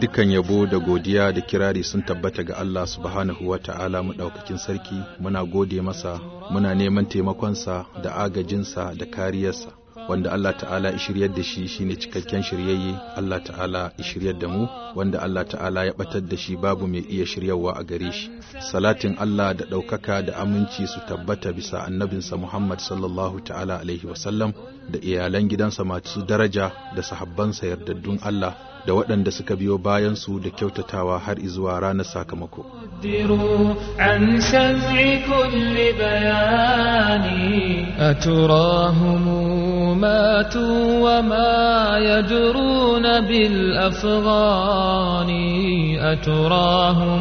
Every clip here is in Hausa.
Dukan yabo da godiya da kirari sun tabbata ga Allah subhanahu wa ta'ala maɗaukakin sarki, muna gode masa, muna neman taimakonsa da agajinsa da kariyarsa. wanda Allah ta'ala ya shiryar da shi shine cikakken shiryayye Allah ta'ala ya shiryar da mu wanda Allah ta'ala ya batar da shi babu mai iya shiryarwa a gare shi salatin Allah da ɗaukaka da aminci su tabbata bisa annabinsa Muhammad sallallahu ta'ala alaihi wasallam da iyalan gidansa masu daraja da sahabbansa yardaddun Allah da waɗanda suka biyo bayan su da kyautatawa har izuwa ranar sakamako. ماتوا وما يجرون بالأفغان أتراهم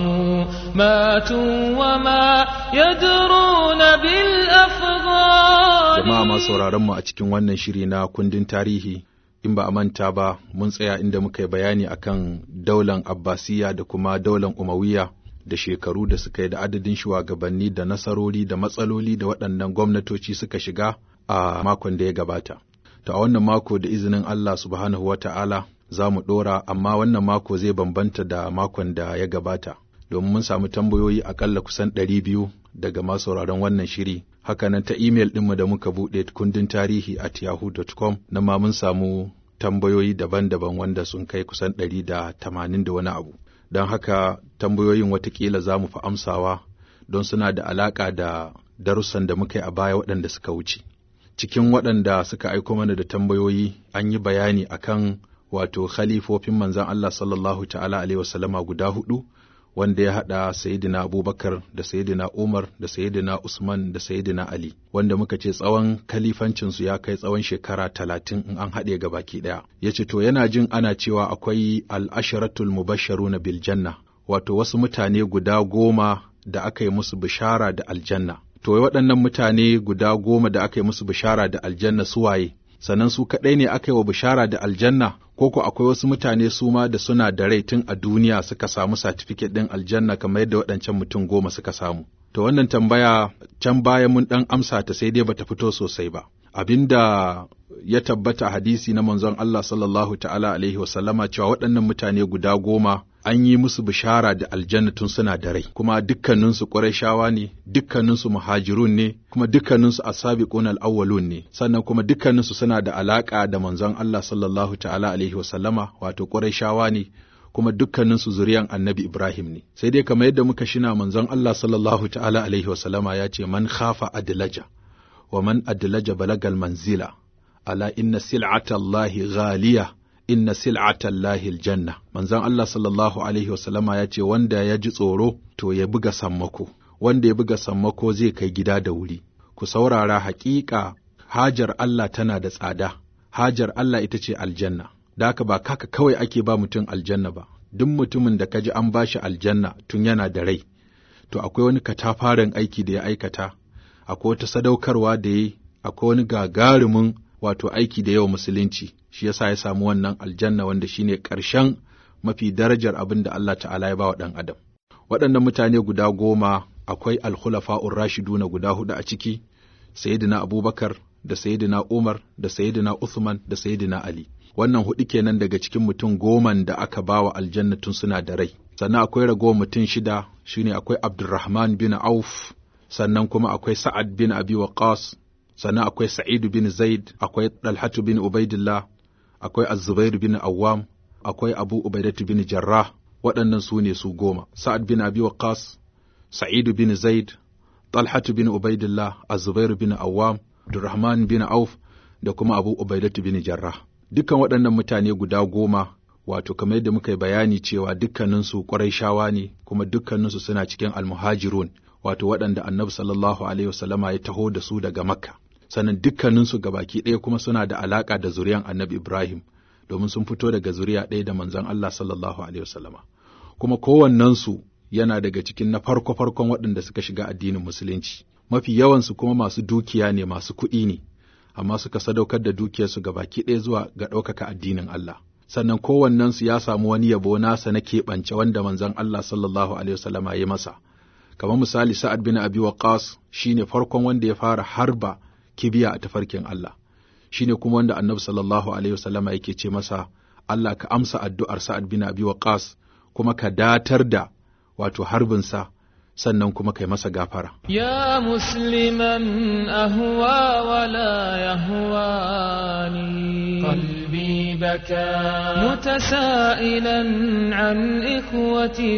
ماتوا وما يجرون بالأفغان جماعة ما sauraron mu a cikin wannan shiri na kundin tarihi in ba a manta ba mun tsaya inda muka yi bayani akan daular Abbasiyya da kuma daular umawiya da shekaru da suka yi da adadin shugabanni da nasarori da matsaloli da waɗannan gwamnatoci suka shiga a makon da ya gabata. To a wannan mako da izinin Allah subhanahu wa ta'ala za mu ɗora amma wannan mako zai bambanta da makon da ya gabata. Domin mun samu tambayoyi akalla kusan ɗari biyu daga masu sauraron wannan shiri. Haka Hakanan ta imel ɗinmu da muka buɗe kundin tarihi a yahoo.com na ma mun samu tambayoyi daban-daban wanda sun kai kusan ɗari da tamanin da wani abu. Don haka tambayoyin watakila za mu fi amsawa don suna da alaƙa da darussan da muka yi a baya waɗanda suka wuce. cikin waɗanda suka aiko mana da tambayoyi an yi bayani akan wato khalifofin manzan Allah sallallahu ta'ala alaihi wasallama guda hudu wanda ya haɗa sayidina abubakar da sayidina umar da sayidina usman da sayidina ali wanda muka ce tsawon kalifancinsu ya kai tsawon shekara talatin in an haɗe ga baki ɗaya ya ce to yana jin ana cewa akwai al'asharatul mubasharu na biljanna wato wasu mutane guda goma da aka yi musu bishara da aljanna to waɗannan mutane guda goma da aka yi musu bishara da aljanna su waye, sannan su kaɗai ne aka yi wa bishara da aljanna, ko ko akwai wasu mutane su ma da suna da rai tun a duniya suka samu satifiket ɗin aljanna kamar yadda waɗancan mutum goma suka samu. To wannan tambaya can baya mun ɗan amsa ta sai dai bata fito sosai ba. abinda ya tabbata hadisi na manzon Allah sallallahu ta'ala alaihi wasallama cewa waɗannan mutane guda goma an yi musu bishara da aljanna tun suna da rai kuma dukkaninsu ƙurayshawa ne dukkaninsu muhajirun ne kuma dukkaninsu asabiqun al-awwalun ne sannan kuma dukkaninsu suna da alaƙa da manzon Allah sallallahu ta'ala alaihi wasallama wato ƙurayshawa ne kuma dukkaninsu zuriyan annabi Ibrahim ne sai dai kamar yadda muka shina manzon Allah sallallahu ta'ala alaihi wasallama ya ce man khafa adlaja wa man adlaja balagal manzila ala inna sil'ata Allahi ghaliya inna sil'ata Allahi aljanna manzon Allah sallallahu alaihi ya ce wanda ya ji tsoro to ya buga sammako wanda ya buga sammako zai kai gida da wuri ku saurara haƙiƙa hajar Allah tana da tsada hajar Allah ita ce aljanna da haka ba kaka kawai ake ba mutum aljanna ba duk mutumin da ka ji an shi aljanna tun yana da rai to akwai wani katafaren aiki da ya aikata akwai wata sadaukarwa da yi akwai wani gagarumin wato aiki da yawa musulunci shi yasa ya samu wannan aljanna wanda shine ƙarshen mafi darajar abin da Allah ta'ala ya ba wa ɗan adam waɗannan mutane guda goma akwai alkhulafa'ur rashiduna guda hudu a ciki sayyidina abubakar da sayyidina umar da sayyidina uthman da sayyidina ali wannan hudu kenan daga cikin mutum goman da aka ba wa aljanna tun suna da rai sannan akwai ragowar mutum shida shine akwai abdurrahman bin auf sannan kuma akwai Sa'ad bin Abi Waqqas, sannan akwai Sa'idu bin Zaid, akwai Dalhatu bin Ubaidillah, akwai Azubair bin Awam akwai Abu Ubaidatu bin Jarrah, waɗannan su ne su goma, Sa'ad bin Abi Waqqas, Sa'idu bin Zaid, Talhatu bin Ubaidillah, Azubair bin Awam, Durrahman bin Auf, da kuma Abu Ubaidatu bin Jarrah. Dukan waɗannan mutane guda goma wato kamar yadda muka yi bayani cewa dukkaninsu ƙwarai shawa ne kuma dukkaninsu suna cikin almuhajirun wato waɗanda annabi sallallahu alaihi wasallama ya taho da su daga makka sannan dukkaninsu baki ɗaya kuma suna da alaƙa da zuriyan annabi ibrahim domin sun fito daga zuriya ɗaya da manzon allah sallallahu alaihi wasallama kuma kowannensu yana daga cikin na farko farkon waɗanda suka shiga addinin musulunci mafi yawansu kuma masu dukiya ne masu kuɗi ne amma suka sadaukar da dukiyarsu ga baki ɗaya zuwa ga ɗaukaka addinin allah sannan kowannensu ya samu wani yabo nasa na keɓance wanda manzon Allah sallallahu alaihi wasallama ya masa kamar misali sa'ad bin abi waqas shine farkon wanda ya fara harba kibiya a tafarkin Allah shine kuma wanda annabi sallallahu alaihi wasallama yake ce masa Allah ka amsa addu'ar sa'ad bin abi waqas kuma ka datar da wato harbin sa sannan kuma kai masa gafara. Ya musliman ahwa wala yahwani qalbi baka mutasa'ilan an ikwati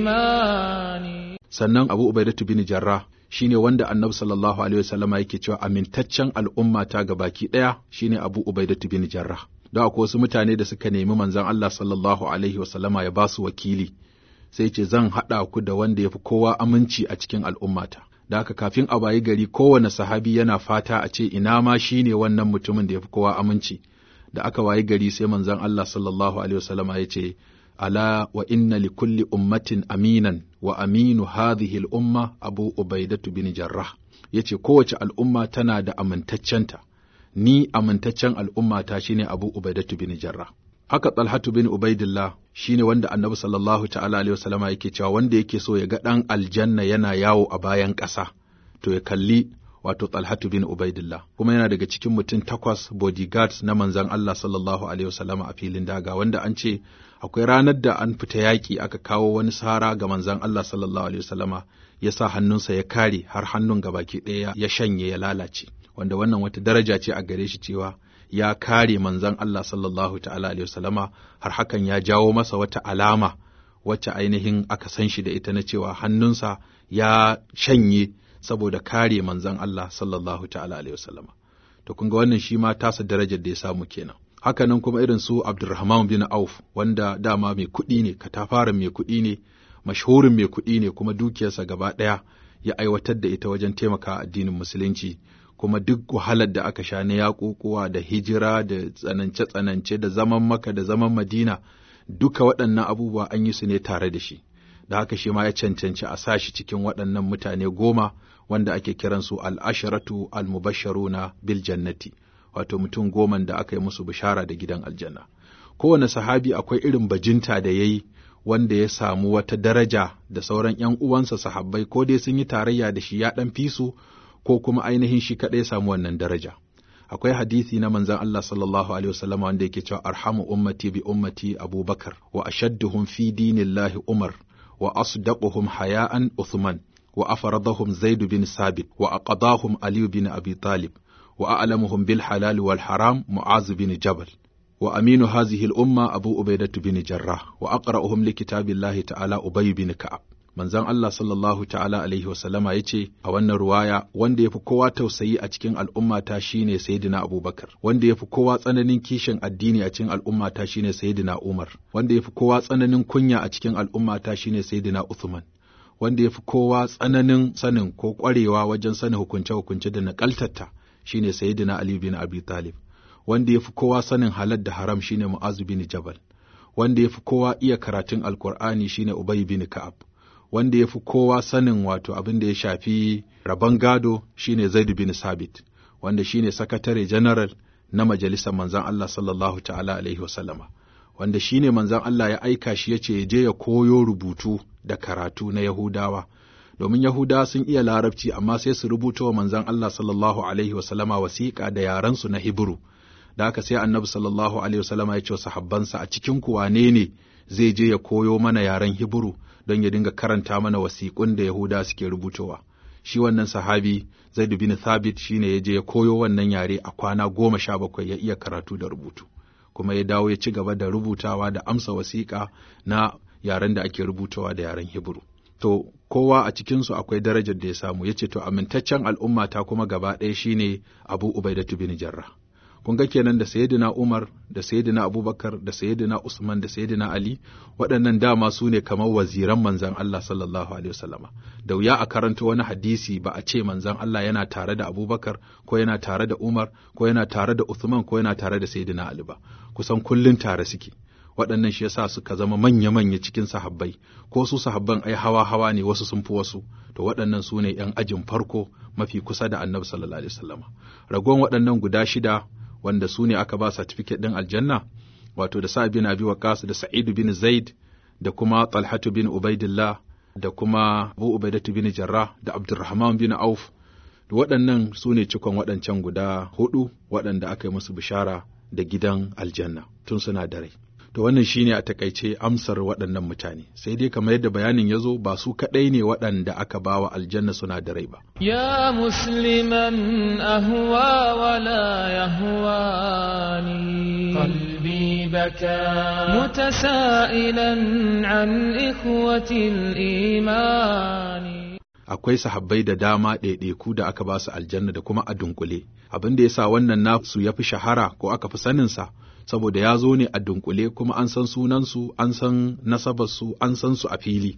imani sannan Abu Ubaidatu bin Jarrah shine wanda Annabi sallallahu alaihi wasallama yake cewa amintaccen al'umma ta baki ɗaya shine Abu Ubaidatu bin Jarra. da akwai wasu mutane da suka nemi manzon Allah sallallahu alaihi wasallama ya basu wakili sai ce zan haɗa ku da wanda ya fi kowa aminci a cikin al'ummata da haka kafin a bayi gari kowane sahabi yana fata a ce ina ma shine wannan mutumin da ya fi kowa aminci da aka wayi gari sai manzon Allah sallallahu alaihi wasallama ya ce ala wa inna li kulli ummatin aminan wa aminu hadhihi al'umma abu ubaidatu bin jarrah yace kowace al'umma tana da amintaccenta ni amintaccen al'umma ta shine abu ubaidatu bin jarrah haka talhatu bin ubaidillah shine wanda annabi sallallahu ta'ala alaihi wasallama yake cewa wanda yake so ya ga dan aljanna yana yawo a bayan ƙasa to ya kalli wato talhatu bin ubaidillah kuma yana daga cikin mutum takwas bodyguards na manzon Allah sallallahu alaihi wasallama a filin daga wanda an ce akwai ranar da an fita yaƙi aka kawo wani sara ga manzan Allah sallallahu alaihi wasallama ya sa hannunsa ya kare har hannun gabaki ɗaya ya shanye ya lalace wanda wannan wata daraja ce a gare shi cewa ya kare manzan Allah sallallahu ta'ala alaihi wasallama har hakan ya jawo masa wata alama wacce ainihin aka san shi da ita na cewa hannunsa ya shanye saboda kare manzan Allah sallallahu ta'ala alaihi wasallama to kun ga wannan shi ma tasa darajar da ya samu kenan hakanan kuma irin su Abdurrahman bin Auf wanda dama mai kuɗi ne katafaren mai kuɗi ne mashhurin mai kuɗi ne kuma dukiyarsa gaba ɗaya ya aiwatar da ita wajen taimaka addinin musulunci kuma duk wahalar da aka sha na yaƙuƙuwa da hijira da tsanance-tsanance da zaman maka da zaman madina duka waɗannan abubuwa an yi su ne tare da shi da haka shi ma ya cancanci a sa shi cikin waɗannan mutane goma wanda ake kiransu al'asharatu al-mubasharuna bil jannati wato mutum goman da aka yi musu bishara da gidan aljanna kowane sahabi akwai irin bajinta da ya yi wanda ya samu wata daraja da sauran ‘yan uwansa sahabbai ko dai sun yi tarayya da shi ya ɗan fisu ko kuma ainihin shi kaɗai ya samu wannan daraja. Akwai hadisi na manzan Allah sallallahu Alaihi wasallama wanda yake cewa arhamu ummati bi ummati Abubakar wa ashadduhum fi dinillahi Umar wa asdaquhum haya'an Uthman wa afaradahum Zaidu bin Sabit wa aqadahum Aliyu bin Abi Talib wa a'lamuhum bil wal haram mu'azu bini Jabal wa aminu hazihi umma Abu Ubaidah bini Jarra. wa aqra'uhum li kitabillahi ta'ala Ubay bin Ka'ab manzon Allah sallallahu ta'ala alaihi ya ce. a wannan ruwaya wanda yafi kowa tausayi a cikin al'ummata shine sayyidina Abubakar wanda yafi kowa tsananin kishin addini a cikin al'ummata shine sayyidina Umar wanda yafi kowa tsananin kunya a cikin al'ummata shine sayyidina Uthman wanda yafi kowa tsananin sanin ko kwarewa wajen sanin hukunce-hukunce da nakaltarta shine Sayyidina Ali bin Abi Talib, wanda yafi kowa sanin halal da haram shine Mu'azu bin Jabal, wanda yafi kowa iya karatun Alkur'ani shine Ubay bin Ka'ab, wanda yafi kowa sanin wato abin da ya shafi rabon gado shine Zaid bin Sabit, wanda shine sakatare general na majalisar manzon Allah sallallahu ta'ala alaihi wasallama. wanda shine manzon Allah ya aika shi ya je ya koyo rubutu da karatu na Yahudawa, domin Yahuda sun iya larabci amma sai su rubuta wa manzon Allah sallallahu alaihi wasallama wasiƙa da yarensu na Hibru. Da haka sai Annabi sallallahu alaihi wasallama ya ce wasu sahabbansa a cikin ku wane ne zai je ya koyo mana yaren Hibru don ya dinga karanta mana wasiƙun da Yahuda suke rubutowa. Shi wannan sahabi Zaid bin Thabit ne ya je ya koyo wannan yare a kwana goma sha bakwai ya iya karatu da rubutu. Kuma ya dawo ya ci gaba da rubutawa da amsa wasiƙa na yaren da ake rubutawa da yaren Hibru. To kowa a cikinsu akwai darajar da ya samu ya ce to amintaccen al'umma ta kuma gaba ɗaya shine abu ubaidatu bin jarra kun ga kenan da sayyidina umar da sayyidina abubakar da sayyidina usman da sayyidina ali waɗannan dama su ne kamar waziran manzan allah sallallahu alaihi wasallama da wuya a karanta wani hadisi ba a ce manzan allah yana tare da abubakar ko yana tare da umar ko yana tare da usman ko yana tare da sayyidina ali ba kusan kullum tare suke waɗannan shi yasa suka zama manya-manya cikin sahabbai ko su sahabban ai hawa-hawa ne wasu sun fi wasu to waɗannan su ne ‘yan ajin farko mafi kusa da annabi sallallahu alaihi wasallama ragon waɗannan guda shida wanda su ne aka ba certificate ɗin aljanna wato da sa'ib bin Abi waqas da Sa'id bin Zaid da kuma Talhatu bin Ubaidillah da kuma Abu Ubaidatu bin Jarrah da Abdurrahman bin Auf waɗannan su ne cikon waɗancan guda hudu waɗanda aka yi musu bishara da gidan aljanna tun suna da rai. To wannan shine a takaice amsar waɗannan mutane, sai dai kamar yadda bayanin ya zo ba su kaɗai ne waɗanda aka ba wa aljanna suna da rai ba. Ya musliman ahuwa wa la yahwani qalbi baka mutasa'ilan an ikwatin imani akwai sahabbai da dama ɗaiɗaiku da aka ba su aljanna da kuma a dunkule abin da ya sa wannan nasu ya fi shahara ko aka fi saninsa saboda ya zo ne a dunkule kuma an san sunansu an san nasabarsu an san su a fili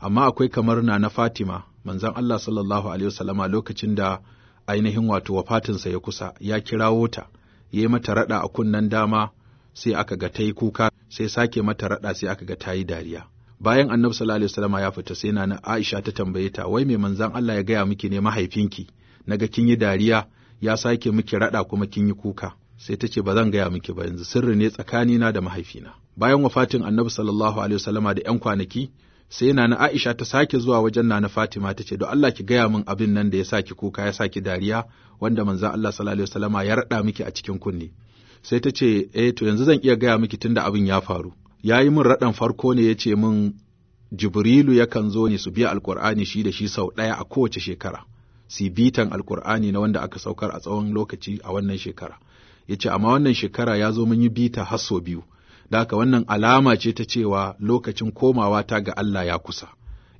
amma akwai kamar na na Fatima manzon Allah sallallahu alaihi wasallama lokacin da ainihin wato wafatinsa ya kusa ya kirawo ta ya yi mata raɗa a kunnen dama sai aka ga ta yi kuka sai sake mata raɗa sai aka ga ta yi dariya bayan annabi sallallahu alaihi wasallama ya fita sai na Aisha ta tambaye ta wai me manzon Allah ya gaya miki ne mahaifinki naga kin yi dariya ya sake miki raɗa kuma kin yi kuka sai ta ce ba zan gaya miki ba yanzu sirri ne tsakanina da mahaifina bayan wafatin annabi sallallahu alaihi wasallama da yan kwanaki sai nana Aisha ta sake zuwa wajen nana Fatima ta ce don Allah ki gaya min abin nan da ya saki kuka ya saki dariya wanda manzon Allah sallallahu alaihi wasallama ya rada miki a cikin kunne. sai ta ce eh to yanzu zan iya gaya miki tunda abin ya faru ya yi min raɗan farko ne ya ce min Jibrilu yakan zo ne su biya alkur'ani shi da shi sau ɗaya a kowace shekara, sibitan bitan Alƙur'ani na wanda aka saukar a tsawon lokaci a wannan shekara. ya ce amma wannan shekara ya zo mun yi bita har biyu da haka wannan alama ce ta cewa lokacin komawa ta ga Allah ya kusa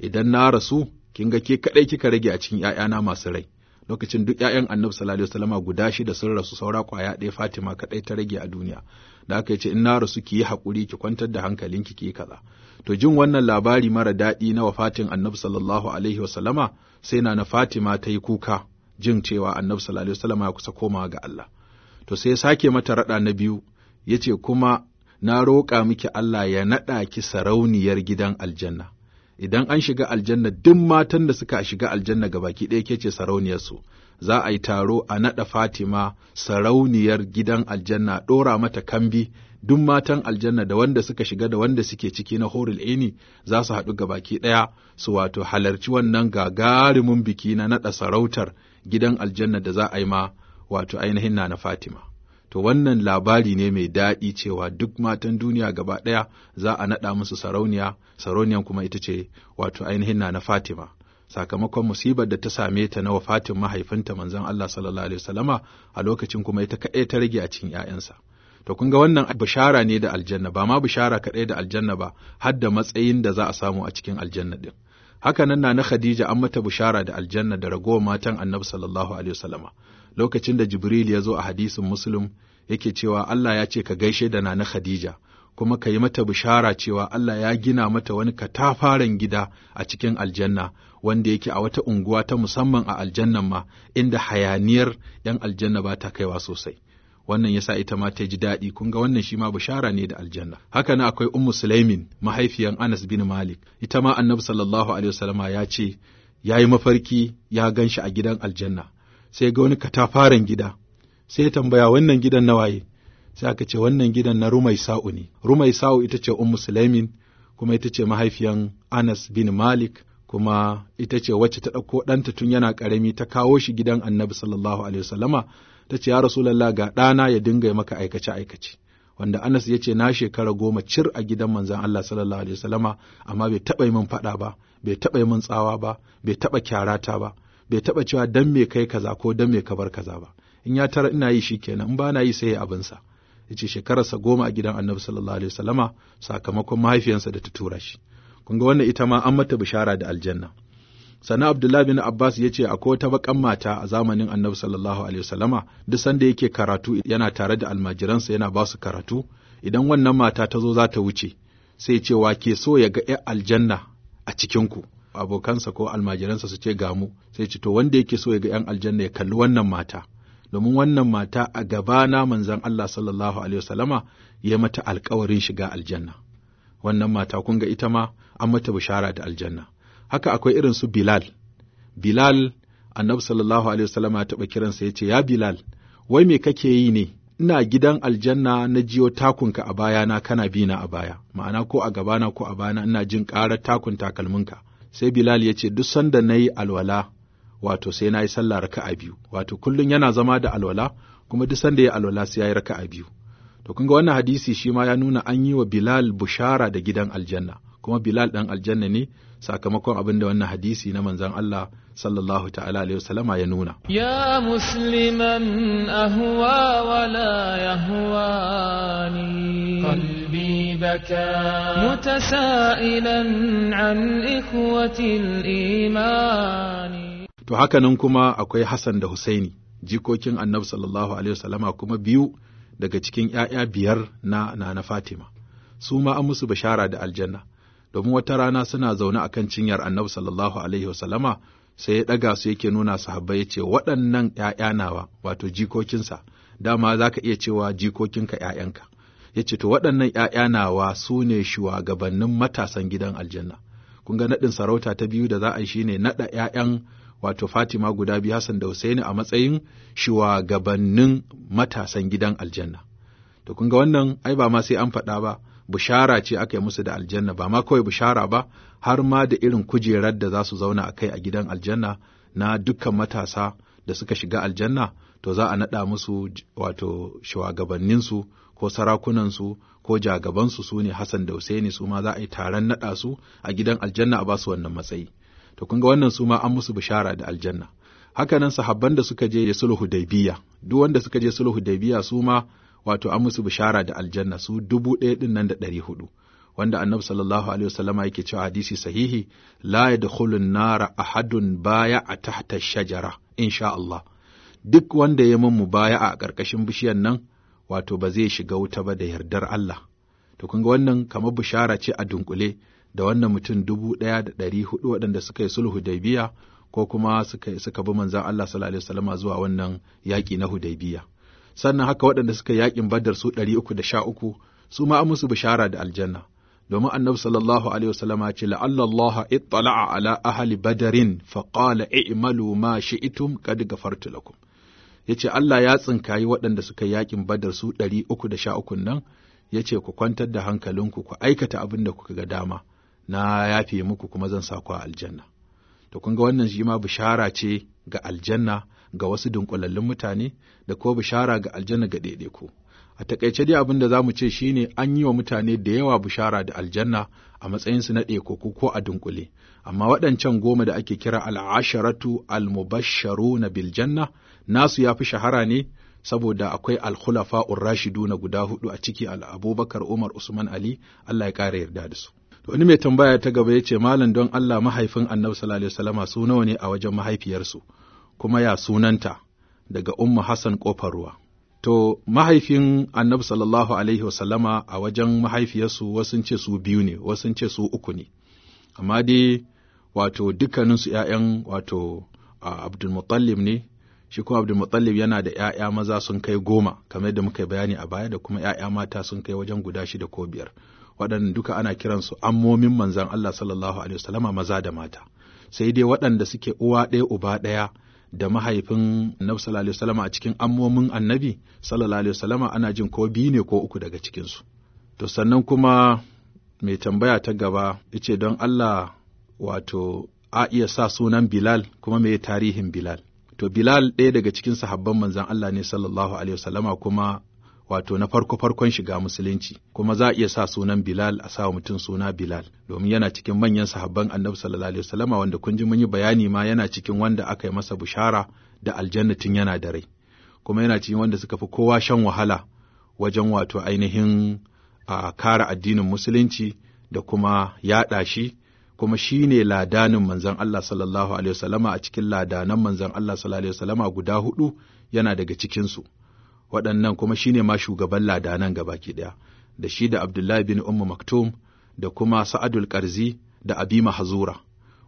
idan na rasu kin ga ke kaɗai kika rage a cikin ‘ya'yana masu rai lokacin duk ‘ya'yan annabi sallallahu alaihi wasallama guda shida sun rasu saura kwaya ɗaya Fatima kaɗai ta rage a duniya da aka ce in na rasu ki yi haƙuri ki kwantar da hankalinki ki yi kaza to jin wannan labari mara daɗi na wafatin annabi sallallahu alaihi wasallama sai na na Fatima ta yi kuka jin cewa annabi sallallahu alaihi wasallama ya kusa komawa ga Allah to sai sake mata raɗa na biyu, ya ce kuma na roƙa miki Allah ya naɗa ki sarauniyar gidan aljanna. Idan an shiga aljanna duk matan da suka shiga aljanna ga baki ɗaya ke ce sarauniyarsu, za a yi taro a naɗa Fatima sarauniyar gidan aljanna ɗora mata kambi duk matan aljanna da wanda suka shiga da wanda suke ciki na horil ini za su haɗu ga baki ɗaya su wato halarci wannan gagarumin biki na naɗa sarautar gidan aljanna da za a yi ma wato ainihin na na Fatima. To wannan labari ne mai daɗi cewa duk matan duniya gaba ɗaya za a naɗa musu sarauniya, sarauniyan kuma ita ce wato ainihin na na Fatima. Sakamakon musibar da ta same ta nawa wafatin mahaifinta manzon Allah sallallahu alaihi wasallama a lokacin kuma ita kaɗai ta rage a cikin ‘ya'yansa. To kun ga wannan bishara ne da aljanna ba ma bishara kaɗai da aljanna ba har da matsayin da za a samu a cikin aljanna ɗin. Haka na na Khadija an mata bishara da aljanna da ragowar matan Annabi sallallahu alaihi wasallama. lokacin da Jibril ya zo a hadisin Muslim yake cewa Allah ya ce ka gaishe da Nana Khadija kuma ka yi mata bishara cewa Allah ya gina mata wani katafaren gida a cikin aljanna wanda yake a wata unguwa ta musamman a aljannan ma inda hayaniyar ‘yan aljanna ba ta kaiwa sosai. Wannan yasa ita ma ta ji daɗi, kun ga wannan shi ma bishara ne da aljanna. Haka na akwai Ummu Sulaimin, mahaifiyan Anas bin Malik, ita ma Annabi sallallahu alaihi wasallama ya ce, ya yi mafarki ya gan shi a gidan aljanna. sai ga wani katafaren gida sai ya tambaya wannan gidan na waye sai aka ce wannan gidan na rumai sa'u ne rumai sa'u ita ce ummu sulaimin kuma ita ce mahaifiyan anas bin malik kuma ita ce wacce ta ɗauko ɗanta tun yana ƙarami ta kawo shi gidan annabi sallallahu alaihi wasallama ta ce ya rasulallah ga ɗana ya dinga maka aikace aikace wanda Anas ya ce na shekara goma cir a gidan manzan Allah sallallahu alaihi wasallama amma bai taɓa yi min faɗa ba bai taɓa yi min tsawa ba bai taɓa kyarata ba bai taɓa cewa dan me kai kaza ko dan me ka bar kaza ba in ya tara ina yi shikenan in ba na yi sai ya abinsa yace shekararsa goma a gidan annabi sallallahu alaihi wasallama sakamakon mahaifiyarsa da ta tura shi kun ga wannan ita ma an mata bishara da aljanna sana abdullahi bin abbas ya ce akwai wata bakan mata a zamanin annabi sallallahu alaihi wasallama duk sanda yake karatu yana tare da almajiransa yana ba su karatu idan wannan mata ta zo za ta wuce sai ce wa ke so ya ga 'yar aljanna a cikinku abokansa ko almajiransa su ce gamu sai ce to wanda yake so ya ga ‘yan aljanna ya kalli wannan mata domin wannan mata a gaba na manzan Allah sallallahu alaihi wasallama ya mata alkawarin shiga aljanna wannan mata kun ga ita ma an mata bishara da aljanna haka akwai irin su Bilal Bilal annabi sallallahu alaihi wasallama ya taɓa kiransa ya ce ya Bilal wai me kake yi ne ina gidan aljanna na jiyo takunka a bayana kana bina a baya ma'ana ko a gabana ko a bayana ina jin karar takun takalminka sai Bilal ya ce duk sanda na yi alwala wato sai na yi sallah raka a biyu wato kullum yana zama da alwala kuma duk sanda ya alwala sai ya yi raka a biyu to kun ga wannan hadisi shi ma ya nuna an yi wa Bilal bushara da gidan aljanna kuma Bilal ɗan aljanna ne sakamakon abin da wannan hadisi na manzan Allah sallallahu ta'ala alaihi wasallama ya nuna. Ya musliman ahuwa wa la yahwani qalbi baka mutasailan an ikwatil imani. To haka nan kuma akwai Hassan da Husaini jikokin Annabi sallallahu alaihi wasallama kuma biyu daga cikin ‘ya'ya biyar na Nana Fatima, su ma an musu bashara da aljanna. domin wata rana suna zaune a kan cinyar annabi sallallahu alaihi wasallama sai ya ɗaga su yake nuna sahabbai ya ce waɗannan ‘ya'ya nawa wato jikokinsa dama za ka iya cewa jikokinka ‘ya'yanka ya ce to waɗannan ‘ya'ya nawa su ne shugabannin matasan gidan aljanna kun ga naɗin sarauta ta biyu da za a yi shine naɗa ‘ya'yan wato Fatima guda biyu Hassan da Husaini a matsayin shugabannin matasan gidan aljanna. To kun ga wannan ai ba ma sai an faɗa ba, Bushara ce aka yi musu da aljanna ba ma kawai Bushara ba har ma da irin kujerar da za su zauna a kai a gidan aljanna na dukkan matasa da suka shiga aljanna to za a naɗa musu wato shugabanninsu ko sarakunansu ko jagabansu su ne Hassan da Husaini su ma za a yi taron naɗa su a gidan aljanna a basu wannan matsayi. To kun ga wannan su ma an musu Bushara da aljanna. Hakanan sahabban da suka je sulhu daibiya duk wanda suka je sulhu daibiya su ma wato an musu bishara da aljanna su dubu ɗaya ɗin nan da ɗari hudu wanda annabi sallallahu alaihi wasallama yake cewa hadisi sahihi la yadkhulun nara ahadun baya a tahta shajara insha Allah duk wanda ya mun baya a ƙarƙashin bishiyar nan wato ba zai shiga wuta ba da yardar Allah to kun ga wannan kamar bishara ce a dunkule da wannan mutum dubu ɗaya da ɗari hudu waɗanda suka yi sulhu biya ko kuma suka, bi manzon Allah sallallahu alaihi wasallama zuwa wannan yaƙi na hudaibiya sannan haka waɗanda suka yaƙin badar su ɗari uku da sha uku su ma musu bishara da aljanna domin annabi sallallahu alaihi wasallama ya ce Allah ittala'a ala ahli badarin fa qala i'malu ma shi'tum kad gafartu lakum yace Allah ya tsinkayi waɗanda suka yaƙin badar su ɗari uku da sha ukun nan yace ku kwantar da hankalinku ku aikata abin da kuka ga dama na yafe muku kuma zan sa ku aljanna to kun ga wannan shi ma bishara ce ga aljanna ga wasu dunkulallun mutane da kuma bishara ga aljanna ga ɗaiɗaiku. A takaice dai abin da za mu ce shi ne an yi wa mutane da yawa bishara da aljanna a matsayinsu na ɗaiɗaiku ko ko a dunkule, amma waɗancan goma da ake kira al'asharatu al mubasharu na biljanna nasu ya fi shahara ne saboda akwai alkhulafa rashidu na guda hudu a ciki al'abubakar Umar Usman Ali Allah ya ƙara yarda da su. Wani mai tambaya ta gaba ya ce malam don Allah mahaifin annabi sallallahu alaihi wasallama su nawa ne a wajen mahaifiyarsu kuma ya sunanta daga Ummu Hassan ƙofar ruwa. To, mahaifin annabi sallallahu Alaihi wasallama a wajen mahaifiyarsu wasu ce su biyu ne, wasu ce su uku ne, amma dai wato dukkaninsu ’ya'yan wato Abdulmutallim ne, shi kuma Abdulmutallim yana da ’ya'ya maza sun kai goma, kamar da muka bayani a baya da kuma ’ya'ya mata sun kai wajen guda shida ko biyar. Waɗannan duka ana kiransu ammomin manzan Allah sallallahu Alaihi wasallama maza da mata, sai dai waɗanda suke uwa ɗaya uba ɗaya da mahaifin Nabi sallallahu alaihi wasallam a cikin ammomin Annabi sallallahu alaihi wasallam ana jin ko biyu ne ko uku daga cikin su to sannan kuma mai tambaya ta gaba yace don Allah wato a iya sa sunan Bilal kuma mai tarihin Bilal to Bilal ɗaya daga cikin sahabban manzon Allah ne sallallahu alaihi wasallama kuma wato na farko-farkon shiga musulunci kuma za a iya sa sunan Bilal a sa mutum suna Bilal domin yana cikin manyan sahabban Annabi sallallahu alaihi wasallama wanda kun ji mun yi bayani ma yana cikin wanda aka yi masa bushara da aljannatin yana da rai kuma yana cikin wanda suka fi kowa shan wahala wajen wato ainihin a kare addinin musulunci da kuma yaɗa shi kuma shi ne ladanin manzon Allah sallallahu alaihi wasallama a cikin ladanan manzon Allah sallallahu alaihi wasallama guda hudu yana daga cikinsu. waɗannan kuma shi ne ma shugaban ladanan gabaki ɗaya da shi da Abdullahi bin Umma Maktum da kuma Sa'adul Ƙarzi, da Abima Hazura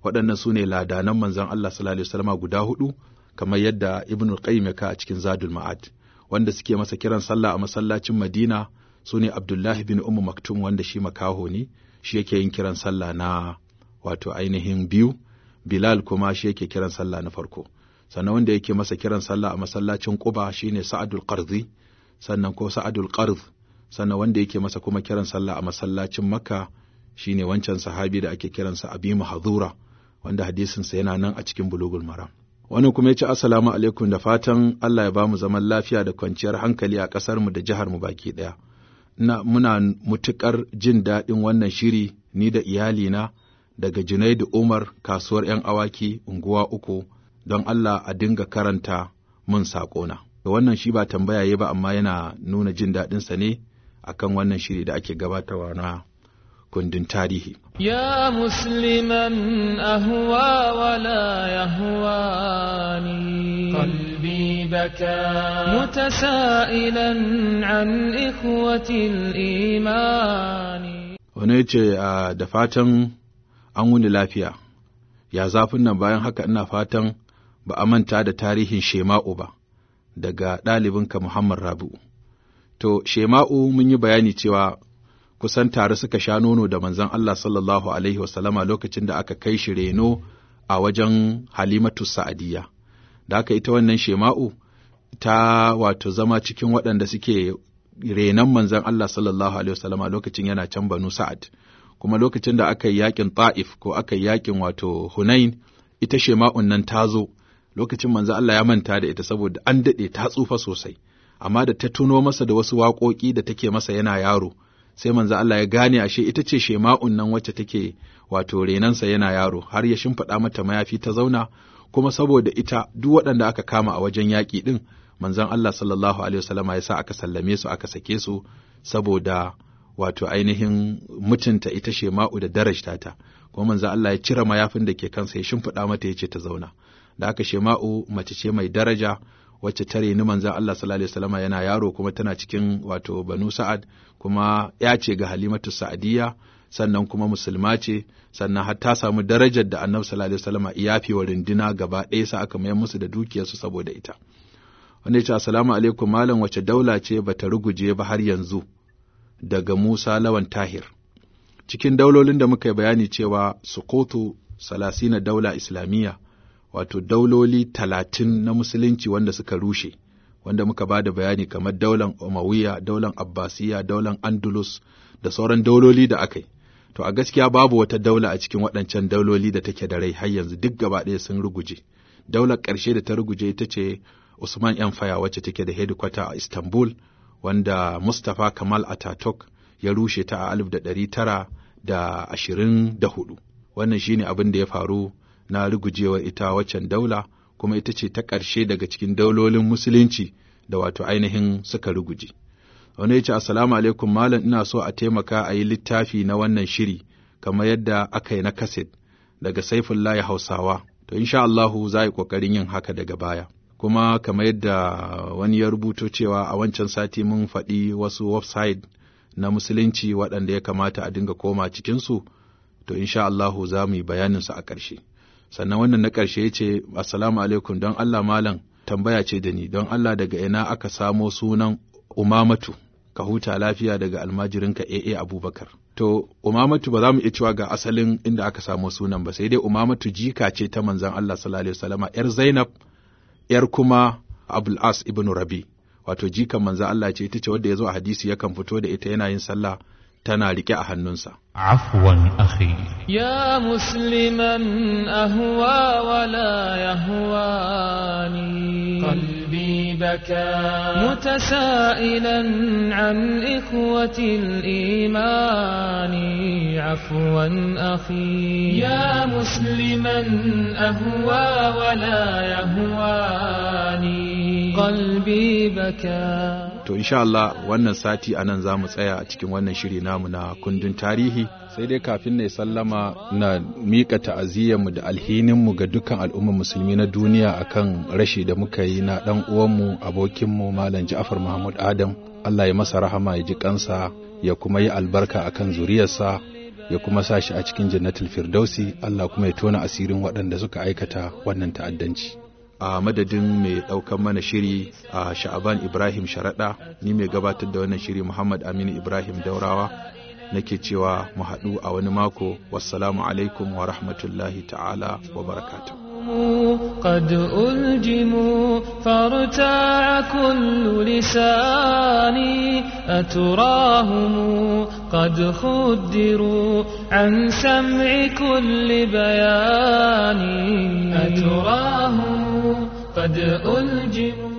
waɗannan su ne ladanan manzan Allah sallallahu alaihi guda hudu kamar yadda Ibn Qayyim ya ka a cikin Zadul Ma'ad wanda suke masa kiran sallah a masallacin Madina su ne Abdullahi bin Ummu Maktum wanda shi makaho ne shi yake yin kiran sallah na wato ainihin biyu Bilal kuma shi yake kiran sallah na farko sannan wanda yake masa kiran sallah a masallacin Quba shine Sa'adul Qarzi sannan ko Sa'adul Qarz sannan wanda yake masa kuma kiran sallah a masallacin Makka shine wancan sahabi da ake kiransa Abi Mahzura wanda hadisin sa yana nan a cikin Bulugul Maram wani kuma ya ce assalamu alaikum da fatan Allah ya ba mu zaman lafiya da kwanciyar hankali a ƙasar mu da jihar mu baki ɗaya na muna mutukar jin daɗin wannan shiri ni da iyalina daga Junaidu Umar kasuwar 'yan awaki unguwa uku don Allah a dinga karanta mun saƙona. Da wannan shi ba tambaya ya ba amma yana nuna jin daɗinsa ne a kan wannan shiri da ake gabatawa na kundin tarihi. Ya musliman ahuwa wala ni kalbi baka mutasailan an ikhwatil imani. Wani ce da fatan an wuni lafiya, ya zafin nan bayan haka ina fatan ba a manta da tarihin Shema'u ba, daga ɗalibinka Muhammad Rabi'u. To, Shema'u mun yi bayani cewa kusan tare suka sha nono da manzan Allah sallallahu Alaihi wasallama lokacin da aka kai shi reno a wajen Halimatu Sa'adiyya. Da aka ita wannan Shema'u ta wato zama cikin waɗanda suke renon manzan Allah sallallahu Alaihi wasallama lokacin yana can Banu Sa'ad. Kuma lokacin da aka yi yaƙin Ta'if ko aka yi yaƙin wato Hunain, ita Shema'un nan ta zo, lokacin manzo Allah ya manta da ita saboda an daɗe ta tsufa sosai, amma da ta tuno masa da wasu waƙoƙi da take masa yana yaro, sai manzo Allah ya gane ashe ita ce shema'un nan wacce take wato renansa yana yaro, har ya shimfiɗa mata mayafi ta zauna, kuma saboda ita duk waɗanda aka kama a wajen yaƙi ɗin, manzon Allah sallallahu alaihi wasallama ya sa aka sallame su aka sake su saboda wato ainihin mutunta ita shema'u da darajta ta kuma manzon Allah ya cire mayafin da ke kansa ya shimfiɗa mata ya ce ta zauna da aka shema'u mace ce mai daraja wacce tare ni manzan Allah sallallahu alaihi wasallam yana yaro kuma tana cikin wato Banu Sa'ad kuma ya ce ga Halimatu Sa'adiyya sannan kuma musulma ce sannan har ta samu darajar da Annabi sallallahu alaihi wasallam ya fi wa rindina gaba ɗaya sa aka mayar musu da dukiyarsu saboda ita wanda ya ce assalamu alaikum malam wace daula ce bata ruguje ba har yanzu daga Musa Lawan Tahir cikin daulolin da muka yi bayani cewa Sokoto salasina daula Islamiyya wato dauloli talatin na musulunci wanda suka rushe, wanda muka ba da bayani kamar daular umawiya daular Abbasiya, daular Andalus da sauran dauloli da aka yi. To a gaskiya babu wata daula a cikin waɗancan dauloli da take da rai har yanzu duk gaba ɗaya sun ruguje. Daular ƙarshe da ta ruguje ita ce Usman faya wacce take da hedikwata a Istanbul, wanda Mustapha Kamal Atatok ya rushe ta a alif da ɗari tara da ashirin da hudu. Wannan shine abin da ya faru na rugujewa ita waccan daula kuma ita ce ta ƙarshe daga cikin daulolin musulunci da wato ainihin suka ruguje. Wani ya ce, Assalamu alaikum malam ina so a taimaka a yi littafi na wannan shiri, kamar yadda aka yi na kaset daga layi Hausawa, to insha Allahu za a yi ƙoƙarin yin haka daga baya. Kuma kamar yadda wani ya rubuto cewa a wancan sati mun faɗi wasu website na musulunci waɗanda ya kamata a dinga koma cikinsu, to insha Allahu za mu yi bayaninsu a ƙarshe. sannan wannan na ƙarshe ya ce assalamu alaikum don Allah malam tambaya ce da ni don Allah daga ina aka samo sunan umamatu ka huta lafiya daga almajirinka AA Abubakar. To, umamatu ba za mu iya cewa ga asalin inda aka samo sunan ba, sai dai umamatu jika ce ta manzan Allah sallallahu Alaihi wasallama, ‘yar Zainab, ‘yar kuma Abul As ibn Rabi, wato jikan manzan Allah ce ita ce wadda ya zo a hadisi yakan fito da ita yana yin sallah tana rike a hannunsa. Afwan akhi. Ya musliman ahwa wala la yahwani qalbi baka mutasailan an ikhwati al-imani afwan akhi ya musliman ahwa wala la yahwani qalbi baka To insha Allah wannan sati a nan za mu tsaya a cikin wannan shiri namu na kundin tarihi sai dai kafin na yi sallama na miƙa ta'aziyyarmu da alhininmu ga dukkan al'ummar musulmi na duniya akan rashi da muka yi na ɗan uwanmu abokinmu Malam Ja'far Muhammad Adam Allah ya masa rahama ya ji kansa ya kuma yi albarka akan zuriyarsa ya kuma sa shi a cikin jannatul firdausi Allah kuma ya tona asirin waɗanda suka aikata wannan ta'addanci. a madadin mai ɗaukan mana shiri a sha'aban ibrahim sharaɗa ni mai gabatar da wannan shiri muhammad aminu ibrahim daurawa nake cewa mu haɗu a wani mako wassalamu alaikum wa rahmatullahi ta'ala wa barakatuh قد ألجموا فارتاع كل لساني أتراهم قد خدروا عن سمع كل بيان أتراهم قد ألجموا